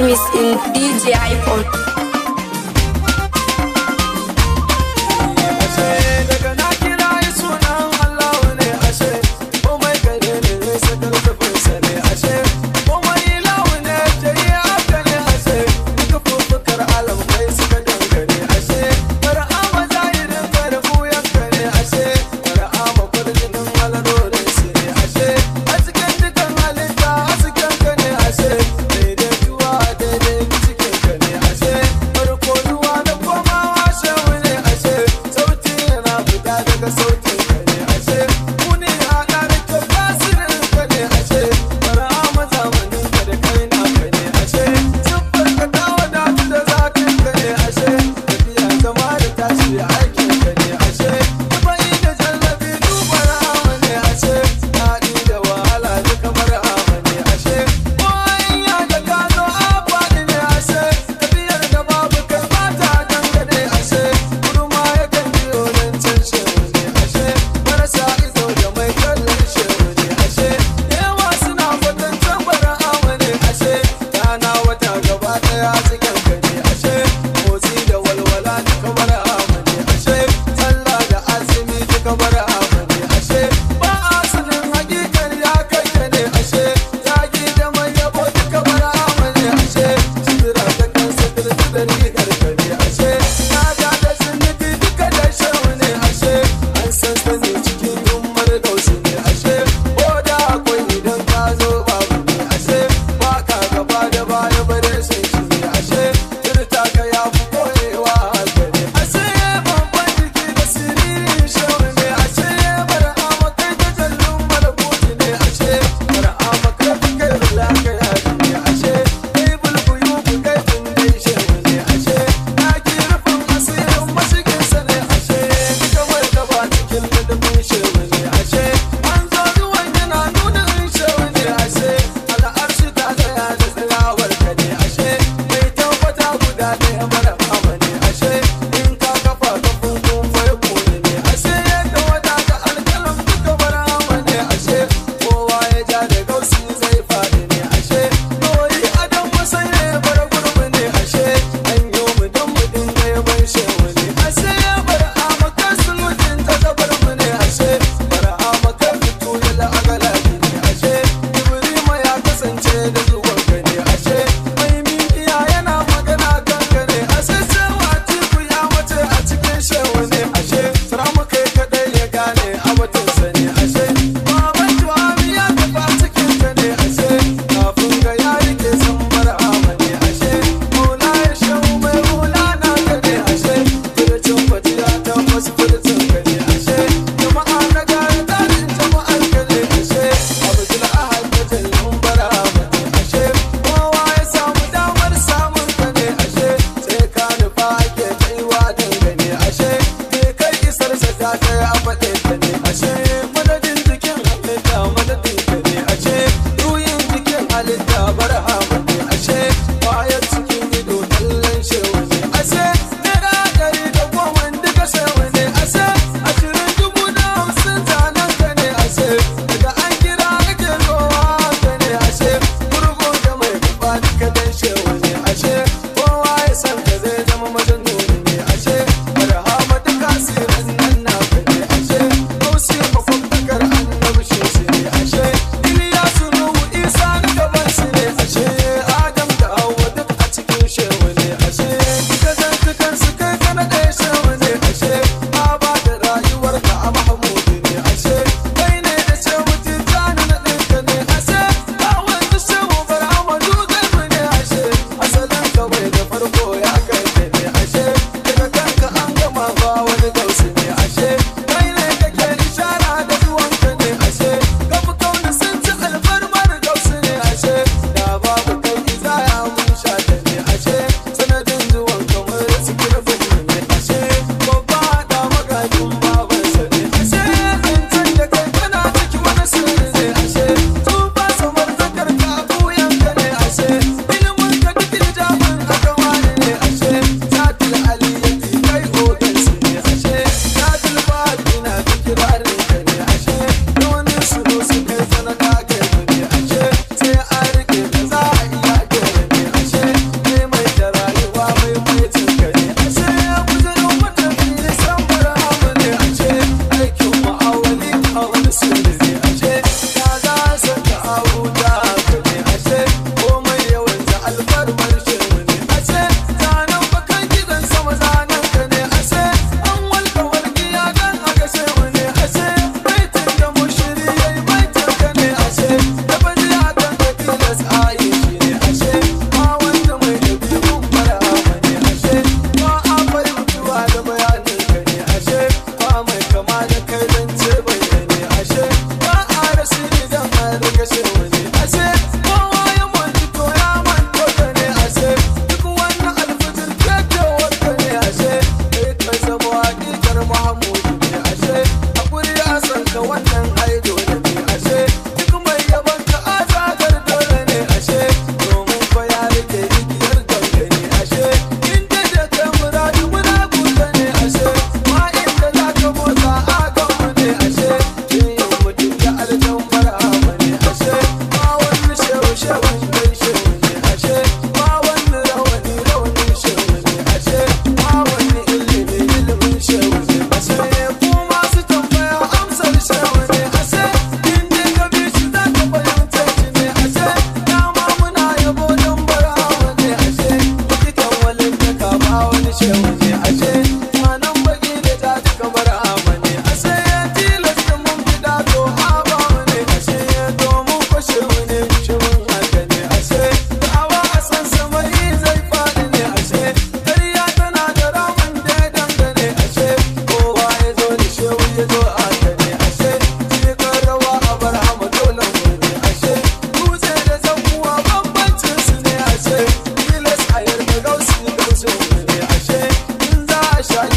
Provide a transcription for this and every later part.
remix in DJ iPhone.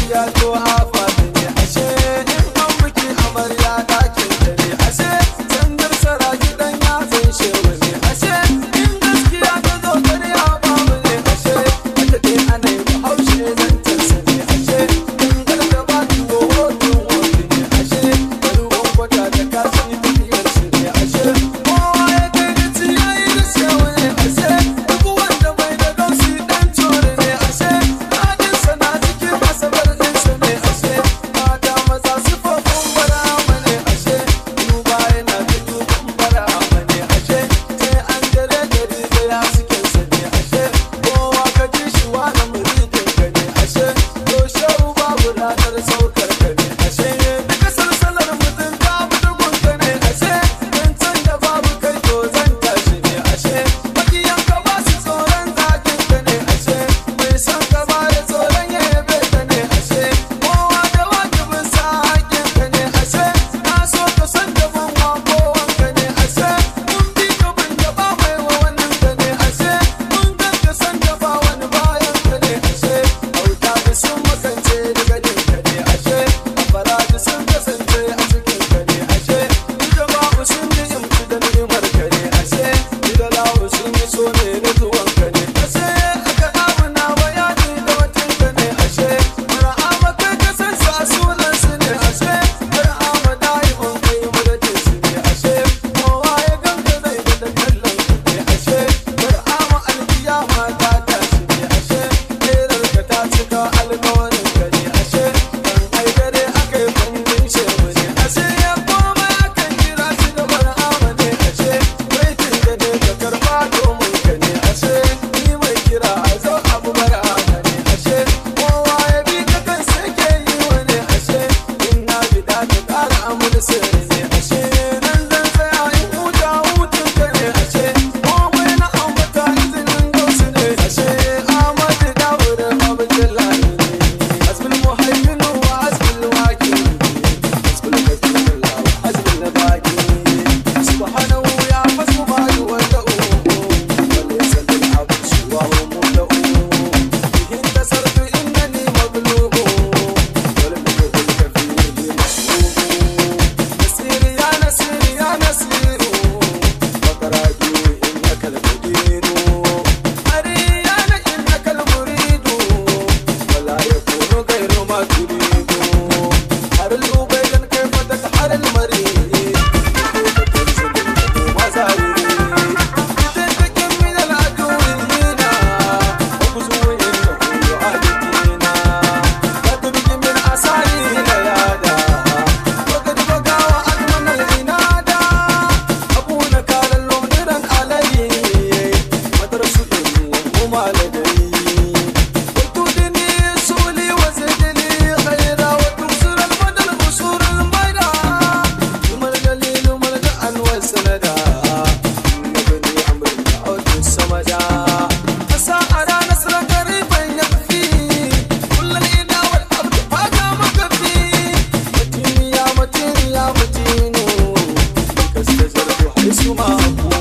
girl to oh.